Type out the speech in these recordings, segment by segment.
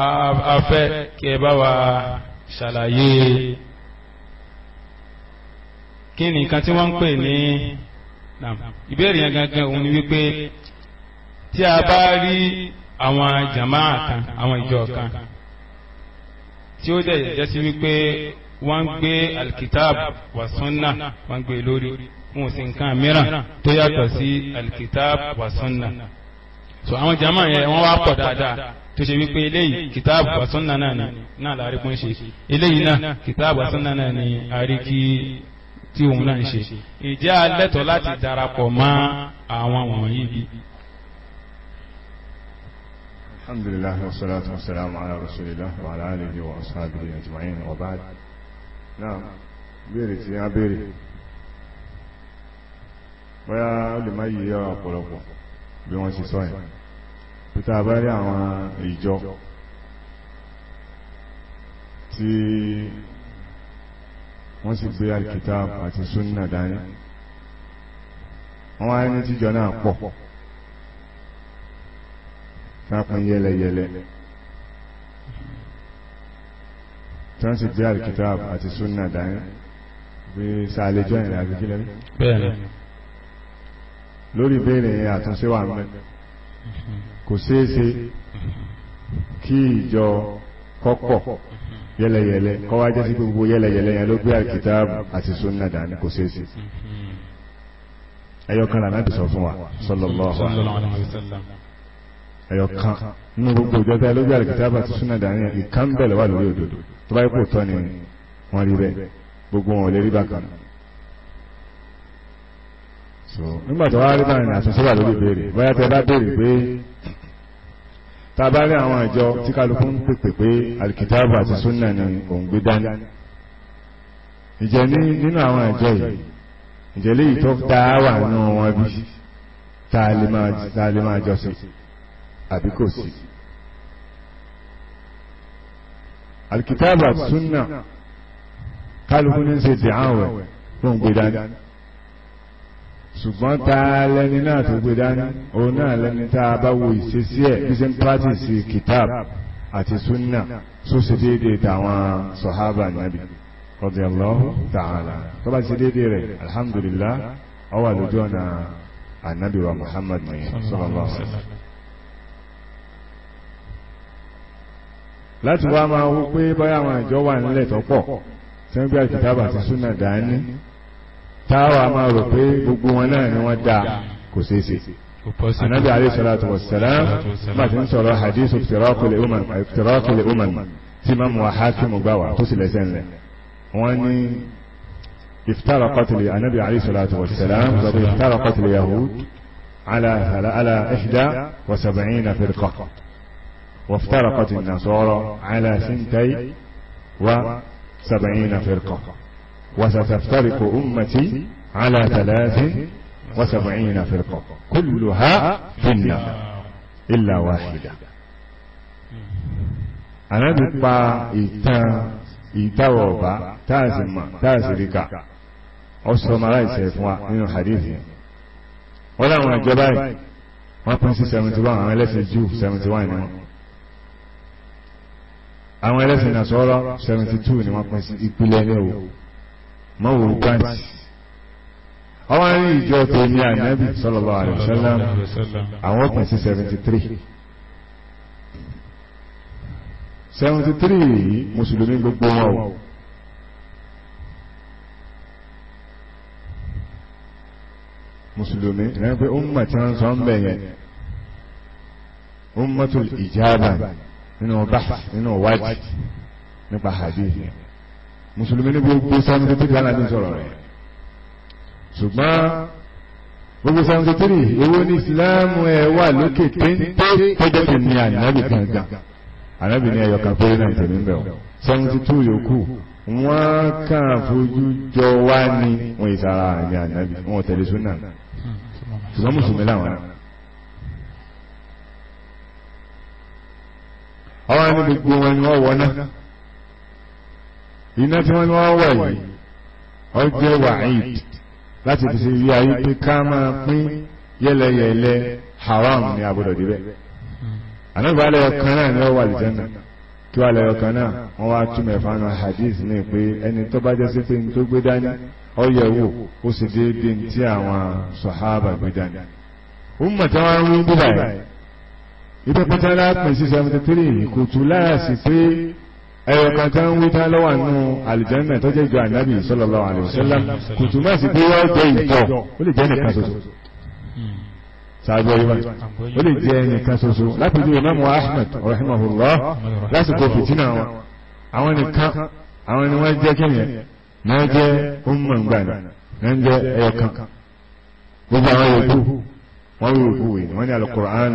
a fẹ́ kí ẹ bá wa ṣàlàyé kí ni nǹkan tí wọ́n ń pè ní ìbéèrè yẹn gangan òun ni wípé tí a bá rí àwọn jamaa kan àwọn ìjọ kan tí ó jẹ́ sí wípé wọ́n ń gbé alkitab wa sunna wọ́n e ń gbé lórí fún òsì nǹkan mìíràn tó yàtọ̀ sí alkitab wa so àwọn jamaa yẹn wọ́n wá pọ̀ dáadáa tó ṣe wípé eléyìí kìtáàbù àsúnnà náà ni náà láàrin kún ṣe eléyìí náà kìtáàbù àsúnnà náà ni àríkí tí òun náà ń ṣe ìjẹ́ alẹ́tọ̀ láti darapọ̀ mọ́ àwọn wọ̀nyí bí. alhamdulillah wa salatu wa salamu ala rasulillah wa ala alihi wa ashabihi ajma'in wa ba'd náà béèrè tí a béèrè bóyá ó má yí ọ̀pọ̀lọpọ̀ bí wọ́n ṣe sọ yẹn tá a bá rí àwọn ìjọ tí wọ́n sì gbé alkitab àti sunna dání wọ́n á ní tíjọ náà pọ̀ fápọn yẹlẹyẹlẹ tí wọ́n sì gbé alkitab àti sunna dání bí sàlẹ̀jọ́ ìrìn àgbékílẹ̀ lórí ìbéèrè àtúnṣe wà mẹ́rin kò ṣeéṣe kí ìjọ kọ́pọ̀ yẹlẹyẹlẹ kọ́wá jẹ́ sí gbogbo yẹlẹyẹlẹ yẹn ló gbé àkìtáàbù àti sunna dání kò ṣeéṣe ẹyọkan là láti sọ fún wa sallallahu alaihi wasallam ẹyọkan nínú gbogbo ìjọba ló gbé àkìtáàbù àti sunna dání ìkan bẹ̀rẹ̀ wà lórí òdodo tó bá yẹ kó tọ́ ni wọ́n rí bẹ́ẹ̀ gbogbo wọn ò lè rí bákan náà nígbàtí wá rí báyìí àti síbà lórí ìbéèrè bóyá tẹ bá béèrè pé ta bá rí àwọn ìjọ tí kálukú ń pèpè pé alikitaabu àti sunna ni òun gbé dání ìjẹ nínú àwọn ìjọ yìí ìjẹ léyìí tó dáa wà nínú wọn bí ta lè máa jọ sí àbí kò sí alikitaabu àti sunna kálukú ní ń ṣe dìhàn wẹ̀ fún gbé dání ṣùgbọ́n ta lẹni náà tó gbé dání òun náà lẹni tá a bá wo ìṣesí ẹ̀ bí ṣe ń pàtìsì kìtàb àti súnà tó ṣe déédéé tàwọn sọ̀hábà nàbì radiyallahu ta'ala tó bá ṣe déédéé rẹ̀ alhamdulillah ó wà lójú ọ̀nà ànábì wa muhammad nìyẹn sallallahu alaihi láti wá máa wó pé báyà àwọn àjọ wà nílẹ̀ tó pọ̀ sẹ́ńgbẹ́ àkìtàb àti súnà dání táwa ma rò pé gugu wọn na ni wọ́n dá kò ṣeé ṣe. anabi alayhi salatu wassalam salam bá ti ń sọ̀rọ̀ hadith iftirakul umam iftiraq iftirakul umam tí máa mu ahakimu gbà wá tó le lẹ́sẹ̀ ńlẹ̀. wọ́n ní iftaraqat li anabi alayhi salatu wa salam sọ pé iftaraqat li yahud ala ala ihda wa sab'ina firqa waftaraqat an-nasara ala sintai wa وستفترق أمتي على ثلاث وسبعين فرقة كلها في النار إلا واحدة أنا بقى إتا إتا وبا تازم تازريكا أصر ملاي سيفوا من حديثي ولا من الجبال ما بنسي 71 أنا لسي جو 71 àwọn ẹlẹ́sìn nàṣọ́rọ́ 72 ni wọ́n pín sí ìpìlẹ̀ mọ́ wò pàǹtì ọmọ rí ìjọ tó ní ànábì sallallahu alaihi wasallam àwọn ọkùn sí 73 73 yìí mùsùlùmí gbogbo wọn o mùsùlùmí rẹ̀ pé ó mọ̀ sọ ń yẹn ó mọ̀ tó nínú bá nínú wájì nípa hadith yẹn mùsùlùmí ní gbogbo seventy three lánàá ní sọ̀rọ̀ rẹ̀ ṣùgbọ́n gbogbo seventy three owó ní ìsìláàmù ẹ̀ wà lókè téńté tọ́jọ́ tó ní ànábì gangan ànábì ní ẹ̀yọ̀kan péré náà tẹ̀lé ń bẹ̀ ọ́ seventy two yòókù wọ́n kàn fojú jọ wá ní wọ́n ìsara àmì ànábì wọ́n tẹ̀lé súnà ṣùgbọ́n mùsùlùmí làwọn náà. ọwọ́ ní gbogbo wọn ni wọ́n wọ náà iná tí wọ́n wá wà yìí ọ jẹ́ wàhíd láti fi ṣe ilé ayé pé ká máa pín yẹ́lẹyẹ̀lẹ haram ní àbúrò débẹ̀ ànágbà lẹ́yọ kan náà ni ó wà lìjánà kí wà lẹ́yọ kan náà wọ́n wá túmọ̀ ẹ̀fà náà hadith ní pé ẹni tó bá jẹ́ sí pé ní tó gbé dání ó yẹ wò ó sì déédéé ní tí àwọn sọ̀háàbà gbé dání ó mọ̀ tí wọ́n ń bíbáyìí ìpẹ́pẹ́tẹ́ lápẹ̀ sí 73 kò tún láyà sí pé ẹyọ kan tán wí tán lọ́wọ́ nù àlùjànnà tó jẹ́ ìjọ ànábì sallallahu alaihi wasallam kò túmọ̀ sí pé wọ́n jẹ́ ìjọ ó lè jẹ́ nìkan ṣoṣo sáájú ọyọ́ ó lè jẹ́ nìkan ṣoṣo lápẹjú ìmáàmù ahmed rahimahullah lásìkò fìtínà wọn àwọn nìkan àwọn ni wọ́n jẹ́ kẹ́yìn náà jẹ́ ọmọ ìgbàna jẹ́ ẹyọ kan gbogbo àwọn yòókù wọ́n yòókù wẹ̀ wọ́n ní al-Qur'an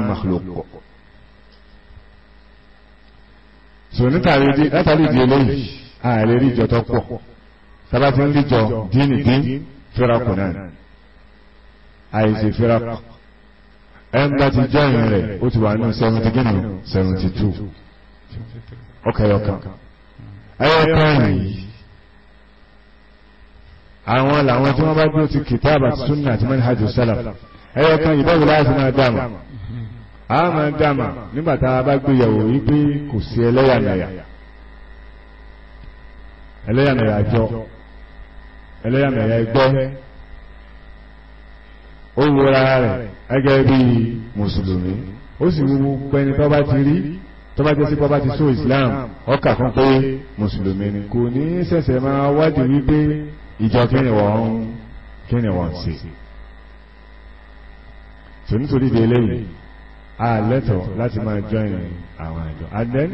so látàrí ìdí eléyìí ààrẹ ríjọ tó pọ̀ sábà ti ń ríjọ díìnì dín fírakù náà àìsè fírakù ẹnba ti jọyìn rẹ̀ ó ti wà ní seventy gínú seventy two ọkẹyọkan ẹyọkan yìí àwọn làwọn tí wọ́n bá dúró ti kìtàbà sunna àti manhajus salaf ẹyọkan yìí bẹ́ẹ̀ láti máa dáàmú a máa gàmà nígbà tá a bá gbéyàwó yìí pé kò sí ẹlẹ́yàmẹ̀yà ẹlẹ́yàmẹ̀yà jọ ẹlẹ́yàmẹ̀yà ẹgbẹ́ ó wúra rẹ̀ gẹ́gẹ́ bí mùsùlùmí ó sì wú pẹni tó bá ti rí tó bá jẹ́ sí pọ́bá ti só Islam ọkà fún pé mùsùlùmí ni kò ní ṣẹ̀ṣẹ̀ máa wádìí wípé ìjọ kíni wọ́n sí tònítorí di eléyìí àlẹ́tọ̀ láti máa join àwọn àjọ and then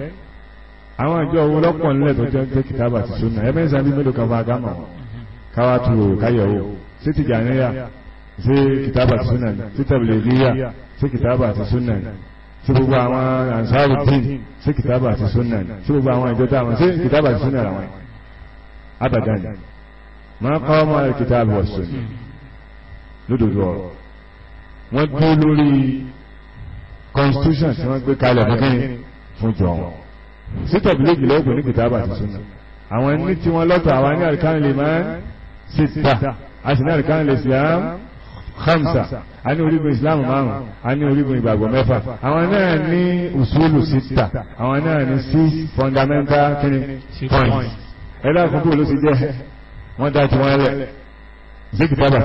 àwọn àjọ owó lọ́pọ̀ nílẹ̀ tó jẹ́ pé kìtàbà àti sunna ẹ mẹ́sàn-án bí mélòó kan fa gámà káwá tu òwò káyọ̀wò sí tìjàníyà sí kìtàbà àti sunna sí tẹ̀bìlìdíyà sí kìtàbà àti sunna sí gbogbo àwọn ansáàrù dín sí kìtàbà àti sunna sí gbogbo àwọn ìjọ táwọn sí kìtàbà àti sunna làwọn abadan máa kọ́ ọmọ kìtàbà àti sunna lódodo ọ̀rọ̀ wọ́n dúró lórí constitution tí wọ́n gbé kalẹ̀ fún kíni fún jọ wọn. sítọ̀bù lè jùlọ ògùn ní kìtàbù àti súnà. àwọn ní tí wọ́n lọ́tọ̀ àwọn ní àríkánì lè máa ṣe tà a sì ní àríkánì lè ṣe àám hamsa a ní orígun islam márùn a ní orígun ìgbàgbọ́ mẹ́fà àwọn náà ní usulu sita àwọn náà ní six fundamental kíni points ẹ lákòókò ló ti jẹ́ wọ́n dá ti wọ́n lẹ̀ ṣé kìtàbù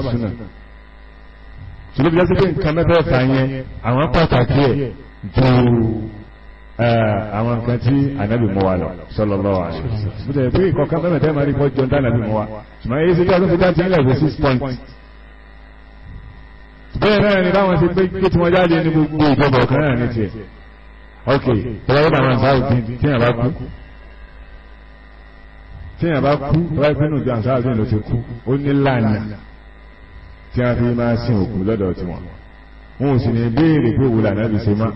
ṣùgbọ́n bí lásìkò nǹkan mẹ́fẹ̀ẹ̀fà yẹn àwọn pàtàkì ẹ̀ ju àwọn nǹkan tí ànábì mú wa lọ sallallahu alaihi wasallam. mo tẹ̀lé pé ìkọ̀kan mẹ́mẹ̀ẹ́tẹ́ máa rí kọ́ jọ ní ànábì mú wa ṣùgbọ́n èyí sì bí ọdún fi ti ń lẹ̀wé six point. bẹ́ẹ̀ náà ni báwọn ti gbé tí wọ́n jáde ní gbogbo ìjọba ọ̀kan náà ní tiẹ̀. ok tọ́lá yóò bá wọn sáà òdin tí yàrá kú tí yàrá kú tọ́lá yóò bá wọn sáà tí a fi máa sin òkú lọ́dọ̀ tiwọn wọn ò sì ní béèrè pé wò lànà bí ṣe má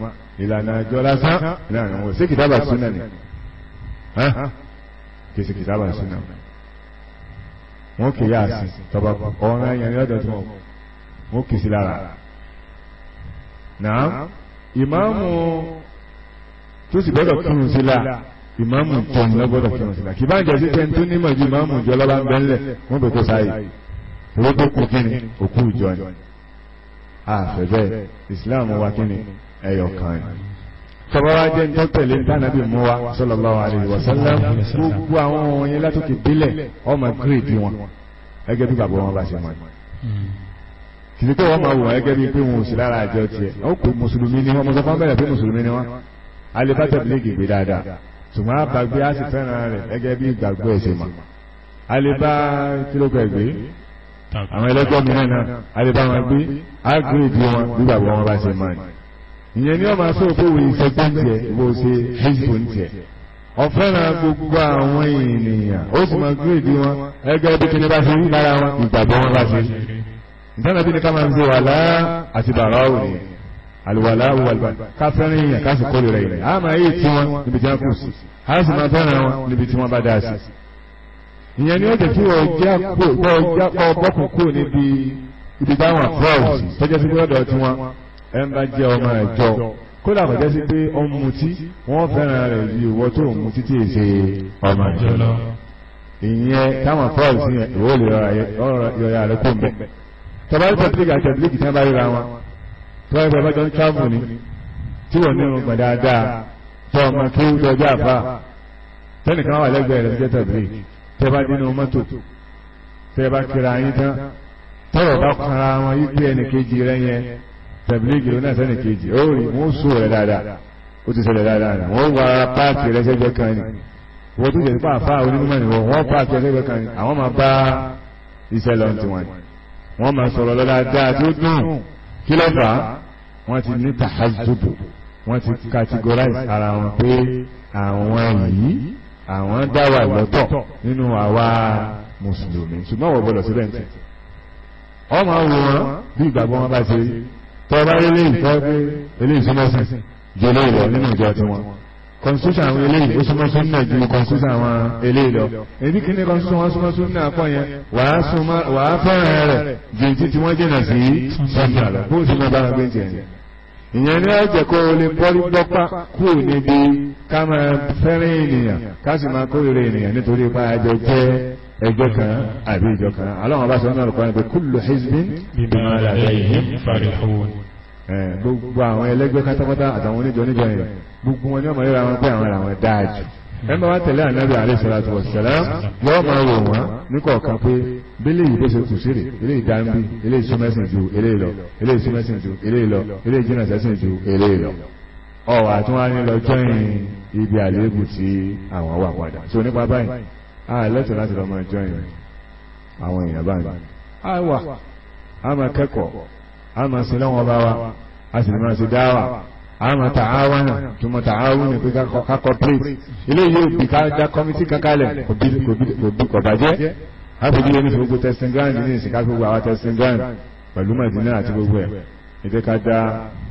ìlànà àjọ lásán náà ni wọn ṣé kìtàbà súnà ni kì í ṣe kìtàbà súnà wọn kì í yá sí tọba ọ̀ràn yẹn lọ́dọ̀ tiwọn wọn kì í sí lára náà ìmáàmù tó sì gbọ́dọ̀ kírun sí la ìmáàmù tó ń lọ kírun sí la kì bá jẹ́ sí pé nímọ̀ ju ìmáàmù jọ lọ́ba ń bẹ́ńlẹ̀ wọ́n bẹ̀ tó sáyé torókòkò kíni òkú ìjọ ni àfẹ́ bẹ́ẹ̀ ìsìláàmù wa kíni ẹ̀yọ̀ kan ni tọ́bọ́wá jẹ́ ń tọ́tẹ̀lé dánàbí mú wa sallallahu alaihi wa sallam gbogbo àwọn ohun yẹn látòkè délẹ̀ ọmọ gírèdì wọn ẹgẹ́ bí bàbá wọn bá ṣe mọ́ kìí pé wọ́n máa wò ẹgẹ́ bí pé wọn ò sí lára àjọ tiẹ̀ wọ́n kò mùsùlùmí ni wọ́n mọ̀ sọ fún pé mùsùlùmí ni wọ́n alẹ́ bá tẹ̀lé gègbè dáadáa ṣùgbọ́n àbàgbé á sì fẹ́ràn rẹ̀ ẹgẹ́ bí ìgbàgbọ́ ẹ̀ṣẹ̀ àwọn ẹlẹ́gbọ́n mi náà àdébá wọn gbé ágírèdì wọn nígbà bí wọn bá ṣe máa ní. ìyẹn ni ọmọ asọ́ òkú wo ìṣẹ́gbẹ́ ń tiẹ̀ wo ṣe hizbo ń tiẹ̀. ọ̀fẹ́ràn gbogbo àwọn ènìyàn ó sì máa gírèdì wọn ẹgbẹ́ bí kíni bá ṣe rí lára wọn ìgbà bí wọn bá ṣe rí. ìtànà bí ni ká máa ń ṣe wàlá àti bàrà òní àlùwàlá wàlùbà ká fẹ́ràn èèyàn ká sì kórè rẹ̀ yìí. a máa yé tí wọn níbi tí wọn kù sí a sì máa fẹ́ràn wọn níbi tí ìyẹn ni ó jẹ́ tí wọ́n já bọ́kùn kúrò níbi ibi táwọn àfọ́ọ̀sì tọ́jọ́ sí gbọ́dọ̀ tí wọ́n ẹ̀ ń bá jẹ́ ọmọ ẹ̀jọ́ kódà kò jẹ́ sí pé ọmọ mutí wọ́n fẹ́ràn rẹ̀ yìí ìwọ tó mú títí èsè ọmọ ẹ̀jọ́ lọ. ìyẹn táwọn àfọ́ọ̀sì yẹn ìwọ lè yọra rẹ kó mbẹ. tọ́bárí tẹ̀sílíkì àti tẹ̀sílíkì tí wọ́n bá ríra wọn tọ́wọ́ ìgbà bájọ́ ń tábù ni tí wọ́n nínú gbọ̀n dáadáa tọ́ ọmọ kí ó jọjọ́ àbá tẹ́nìkan wà lẹ́gbẹ̀ẹ́ rẹ̀ jẹ́ tẹ̀sílíkì tẹ́bá dínú mọ́tò tẹ́bá kíra yín tán tọ́rọ̀ bá kanra wọn yí pé ẹnìkejì rẹ yẹn tẹ̀bílígì lónà sẹ́nìkejì ó rí wọ́n sọ rẹ̀ dáadáa ó ti ṣẹlẹ̀ dáadáa wọ́n wá páàkì rẹ̀ sẹ́gbẹ́ kan ni wọ́n tó jẹ́ pàfà onímọ̀ ni wọ́n wọ́n páàkì rẹ̀ sẹ́gbẹ́ kan ni àwọn máa bá àwọn dá wa lọ́tọ̀ nínú àwa mùsùlùmí ṣùgbọ́n wọ́n gbọ́dọ̀ síbẹ̀ ntì ọmọ wò wọn bí ìgbàgbọ́ wọn bá ṣe rí tọ́ bá rí léyìí tọ́ pé eléyìí súnmọ́ sí jòlè ìlọ nínú ìjọ tiwọn constitution àwọn eléyìí ó súnmọ́ súnmọ́ ju constitution àwọn eléyìí lọ ebi kí ni constitution wọn súnmọ́ súnmọ́ akọ yẹn wàá fẹ́ràn rẹ̀ jìntì tí wọ́n jìnà sí sọ́nà lọ bó ti mọ bára gbé jẹ́ yẹn ìyẹn ní ọ̀jẹ̀ kó o lè bọ́rí bọ́pá kúrò níbi ká máa fẹ́ràn ènìyàn ká sì máa kórìíra ènìyàn nítorí pa àjọ jẹ́ ẹgbẹ́ kan àbí ìjọ kan aláwọn bá sọ náà lọ́kọ́ ẹgbẹ́ kullu hizbin bima ladayhim farihun gbogbo àwọn ẹlẹ́gbẹ́ kátàkátà àtàwọn oníjọ oníjọ yẹn gbogbo wọn ní ọmọ yóò ẹnbà wa tẹ̀lé ànábì àlẹ́sàlátù wọ̀sẹ̀lám yọ́ máa wò wọ́n ní kọ̀ọ̀kan pé bílẹ̀ yìí bó ṣe kù sí rè ilé ìdánbí ilé ìsúnmẹ́sìn ju ilé ìlọ ilé ìsúnmẹ́sìn ju ilé ìlọ ilé ìjìnàṣẹ́sìn ju ilé ìlọ. ọ̀wà tí wọ́n á ní lọ jọ́yìn ibi àléébù tí àwọn wà padà so nípa báyìí a lẹ́tọ̀ láti lọ máa jọ́yìn àwọn èèyàn báyìí. a wà a máa kẹ́kọ̀ọ́ a máa sin lọ́wọ́ bá wa a sì máa ṣe dáwà àmọ́ tààwọn jùmọ̀ tààwọn ní pé kakọ plate eléyìí òbí kájá kọ́mítì kankalẹ̀ òbí kọ̀bàjẹ́ àfojì yẹn ní fi gbogbo testing ground ní ìsìn ká gbogbo àwọn testing ground pẹ̀lú mẹ̀dínà àti gbogbo ẹ̀ ìdí ká dá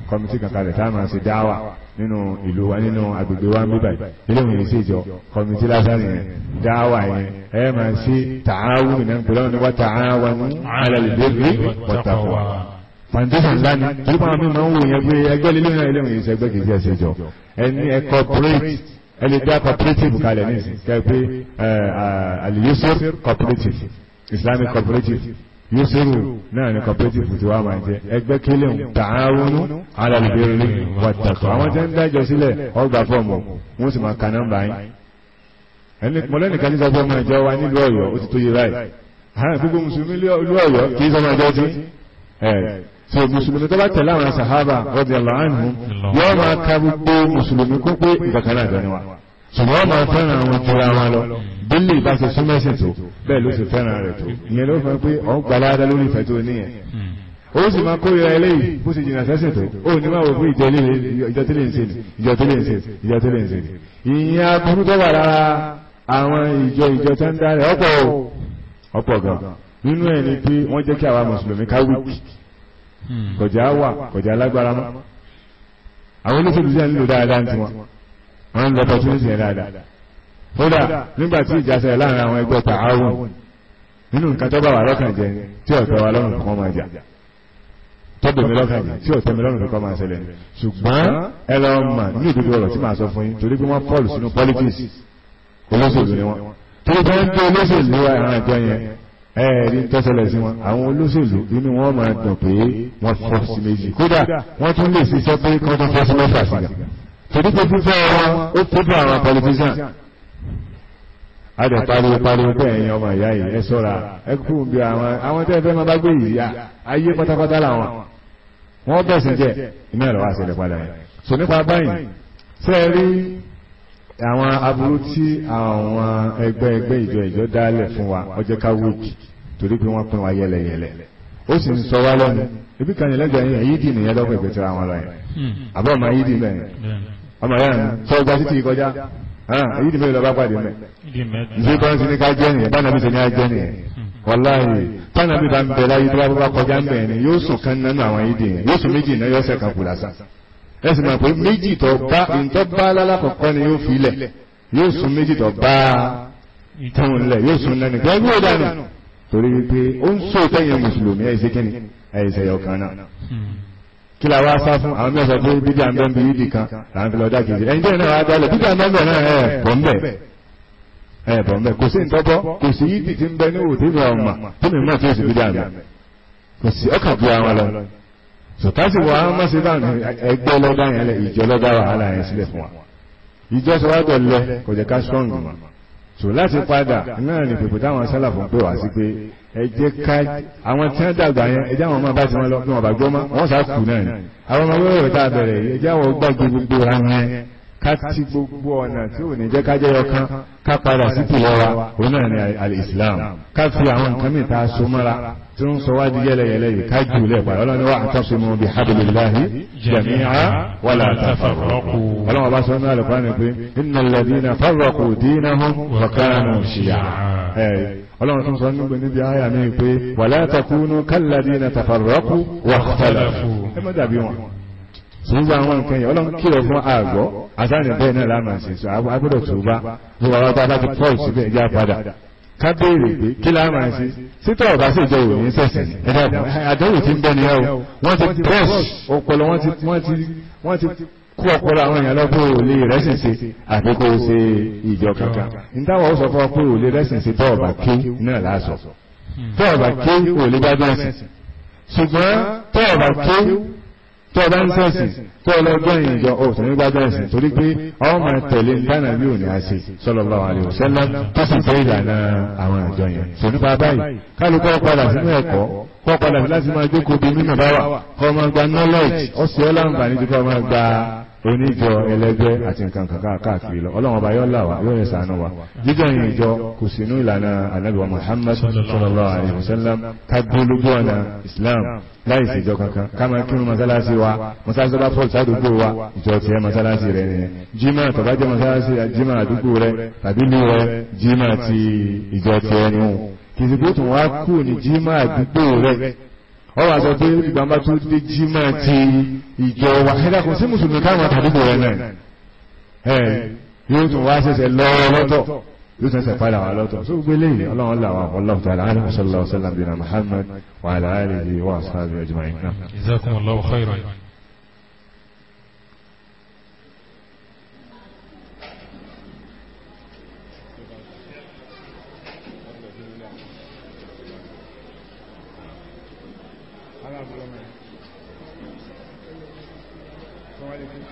kọ́mítì kankalẹ̀ tá a máa ṣe dáwà nínú ìlú wa nínú agbègbè wa ń bíbà eléyìí yẹn sì jọ lásán yẹn dáwà yẹn ẹ máa ṣe tààwọn náà pẹ̀lú àwọn tààwọn alẹ́ lè dé foundation ńlá ni torí pàmò mi máa ń wò yẹn pé ẹgbẹ́ lílé náà ilé ìwòye ìṣẹ́gbẹ́ kìí ṣe jọ ẹni ẹ corporate ẹ lè dá cooperative kalẹ̀ nísìn kẹ́ pé Al-Yusuf cooperative Islamic cooperative yusiru náà ni cooperative tí wàá máa jẹ ẹgbẹ́ kílẹ̀ ń tààrùnú alàlùbẹ̀rẹ̀ wàtàkọ̀ àwọn tẹ́ ń dájọ́ sílẹ̀ ọgbà fọ́ọ̀mù wọ́n sì máa ka nọ́mbà yín ẹni mọ̀lẹ́nìkan ní sọ́fọ́ máa jẹ́ wa nílùú ọ̀yọ́ ó ti tó yẹ báyìí gbogbo mùsùlùmí ìlú ọ̀yọ́ kì í sọ máa jẹ́ ọtí tí mùsùlùmí tó bá tẹ̀lé àwọn sàhábà radiyallahu anhum yóò máa ka gbogbo mùsùlùmí kó pé ìgbàkaná àjọni wa ṣùgbọ́n máa fẹ́ràn àwọn jura wọn lọ délé ìbáṣe súnmẹ́sìn tó bẹ́ẹ̀ ló sì fẹ́ràn rẹ̀ tó ìyẹn ló fẹ́ pé ọ̀n gbalada lórí ìfẹ́ tó níyẹn ó sì máa kórira eléyìí bó sì jìnnà sẹ́sìn tó ó ní máa wò fún ìjọtílé ń sèlè ìjọtílé ń sèlè ìjọtílé ń sèlè ìyẹn aburú tó wà lára àwọn ìjọ ìjọ tó ń darí ọ̀pọ̀ ọ̀pọ̀ gan nínú ẹ̀ ni pé wọ́n jẹ́ kí àwa mùsùlùmí ká wíkì Hmm. kọjá wà kọjá lágbára mọ́ àwọn olóṣèlú sí ànílò dáadáa ti wọn àwọn lọ opportunity yẹn dáadáa kódà nígbà tí ìjà ṣẹlẹ̀ láàrin àwọn ẹgbẹ́ tààrùn nínú nǹkan tó bá wà lọ́kàn jẹ tí ọ̀tọ̀ wa lọ́rùn kan máa jà tọ́bẹ̀ mi lọ́kàn jẹ tí ọ̀tẹ̀ mi lọ́rùn kan máa ṣẹlẹ̀ ṣùgbọ́n ẹ lọ mà ní ìdúdú ọ̀rọ̀ tí màá sọ fún yín torí pé wọ́n pọ̀lù sínú politics olóṣèlú ni wọ́n torí pé wọ́n ń gbé olóṣèlú wa ẹ̀ràn ẹ̀jọ́ yẹn ẹ̀ẹ̀rí tẹ́sẹ̀lẹ̀ sí wọn àwọn olóṣèlú inú wọn máa dùn pé wọ́n fọ́ sí méjì kódà wọ́n tún lè ṣiṣẹ́ pé kọ́ tó fọ́ sí mẹ́fà síga torí pé fífẹ́ wọn ó tóbi àwọn politician adẹ̀ pariwo pariwo pé ẹ̀yin ọmọ ìyá yìí ẹ sọ́ra ẹ kú bí àwọn àwọn tẹ́ fẹ́ máa bá gbé yìí yá ayé pátápátá làwọn wọ́n bẹ̀sẹ̀ jẹ́ iná ẹ̀rọ wá ṣẹlẹ̀ padà yẹn so nípa báyìí sẹ́ẹ̀rí àwọn aburú tí àwọn ẹgbẹ́ ẹgbẹ́ ìjọ ìjọ dálẹ̀ fún wa ọjọ́ ká wíìkì torí pé wọ́n pín wa yẹlẹyẹlẹ ó sì ń sọ wá lọ́nu ibi kan yẹn lẹ́gbẹ̀ẹ́ yẹn yídì nìyẹn lọ́pọ̀ ìgbẹ́ tira wọn lọ yẹn hmm. àbọ̀ ọmọ yídì bẹ́ẹ̀ ọmọ yẹn sọ gba títí kọjá yídì mẹ́rin lọ́ba pàdé mẹ́ ìṣe bá ń sin ní hmm. bá ń bẹ láyé tó bá kọjá ń bẹ̀ ni yóò sùn kan nínú àwọn yídì yẹn yóò sùn méjì náà yóò sẹ̀ kù lásán ẹsì máa pé méjì tó bá ìtọ́ bá lálàkọ̀ọ́kọ́ ni yóò fi ilẹ̀ yóò sún méjì tó bá ìtọ́hùn ilẹ̀ yóò sún lẹ́nu gbẹ́gbẹ́ ó dànù torí wípé ó ń sọ ìtẹ́yìn mùsùlùmí ẹ̀sẹ̀ kíni ẹ̀sẹ̀ ọ̀kan náà kí la wá sá fún àwọn mẹ́sọ̀ pé bídí à ń bẹ́ẹ̀ bíi ìdì kan là ń fi lọ́ọ́ dákejì ẹ̀yìn tẹ́yìn náà wá dálẹ̀ bídí à ń náà ẹ̀ bọ̀ ń bẹ̀ ẹ̀ bọ̀ ń bẹ̀ kò sí ìtọ́bọ́ kò sí yídì tí ń bẹ ní òtí mi ọ̀mà tí mi mọ̀ tí ó sì bídí à kò sí ọkà bu àwọn lọ sọ̀tásì wà á máa ṣe bá ẹgbẹ́ lọ́dá yẹn lẹ ìjọ lọ́dá wàhálà yẹn sílẹ̀ fún wa ìjọ sọ wá dọ̀lẹ kò jẹ́ ká strong mọ́ so láti padà náà ní pèpè táwọn sálàfún pé wá sí pé ẹ jẹ́ ká àwọn tí wọ́n dàgbà yẹn ẹ jẹ́ àwọn ọmọ bá ti wọn lọ bí wọn bá gbọ́ mọ́ wọ́n sá kù náà ni àwọn ọmọ wẹ́wẹ́ rẹ̀ tá a bẹ̀rẹ̀ yìí ẹ jẹ́ àwọn gbàgbé gbogbo ra yẹn ká ti gbogbo ọ̀nà tí ò ní jẹ́ ká jẹ́ ọkàn ká padà sí tìlọ́wa òun ni al-Islam ká fi àwọn nǹkan mìta so mọ́ra tí ó ń sọ wájú yẹ́lẹ̀yẹ́lẹ́ yìí ká jù lẹ́pàá ọlọ́ni wà àtàṣímọ̀ bí hábìlìláhì jẹ̀míà wà látàfàrọ́kù ọlọ́wọ́ bá sọ́nà alùpàánì pé iná lẹ́dínà fárọ́kù dínà hún wọ̀kánù ṣìyà ọlọ́run tún sọ nígbè níbi àyà mi pé wà látàkúnú kálàdínà tàfàrọ́kù wọ̀kánù ẹ má dàbí wọn sùgbà àwọn nǹkan yẹn ọlọ́run kìlọ̀ fún àgọ́ àtàrìn bẹ́ẹ̀ náà lánàá sí sọ agbọ́dọ̀ tó bá gbogbo àwọn tó bá ti pọ̀ síbẹ̀ ẹja padà ká béèrè pé kí láà máa ṣe títọ́ ọ̀bá sì jẹ́ òní sẹ̀sẹ̀ ẹ̀dá àdéhùn tí ń bẹ nìyẹn o wọ́n ti press ọpọlọ wọ́n ti kú ọpọlọ àwọn èèyàn lọ́pọ̀ òlé rẹ́sìn ṣe àfi kó o ṣe ìjọ kankan nítawọ̀ ó sọ fún ọ pé òlé rẹ́sìn ṣe tọ́ ọ̀bà ké náà láàṣọ tọ́ ọ̀bà ké òlé bá gbọ́n ṣùgbọ́n tọ́ ọ̀bà ké tó ọba ń sẹ́sìn tó ọlọ́gbọ́n ìjọ òtún nígbàgbọ́ ẹ̀sìn torí pé ọmọ máa tẹ̀lé dáná bí òní àṣẹ sallallahu alaihi wasallam tó sì fẹ́ ìlànà àwọn àjọ yẹn tó nípa báyìí kálukọ́ padà sínú ẹ̀kọ́ kọ́ padà sí láti máa jókòó bí oníjọ ẹlẹ́gbẹ́ àti nǹkan kankan káàkiri lọ ọlọ́run ọba yọ́lá wa yóò rẹ̀ sànú wa jíjọyìn ìjọ kò sí inú ìlànà ànábì wa muhammad sallallahu alayhi wa sallam ká gbé ọ̀nà islam láì sí ìjọ kankan ká máa kírun mọ́sálásí wa mọ́sálásí bá fọ́ọ̀lù sádùúgbò wa ìjọ ti ẹ mọ́sálásí rẹ nìyẹn jimá tọ́ba jẹ́ mọ́sálásí jimá àdúgbò rẹ tàbí ní rẹ jimá ti ìjọ ti ẹnu kìsìkò tó wá kú ní jimá àdúgbò rẹ wọ́n wá sọ pé ìgbàmbá tó dé jímọ̀ ti ìjọ wa ẹ̀dá kò sí mùsùlùmí káwọn àdúgbò rẹ̀ náà ẹ̀ yóò tún wá ṣẹ̀ṣẹ̀ lọ lọ́tọ̀ yóò tún ṣẹ̀ padà wá lọ́tọ̀ só gbélé yìí ọlọ́run là wà ọlọ́run tó aláàrẹ mùsùlùmí sallallahu alaihi wa sallam bin Muhammad wa ala alihi wa ashabihi ajma'in aláàbò lọ́mọ yẹn.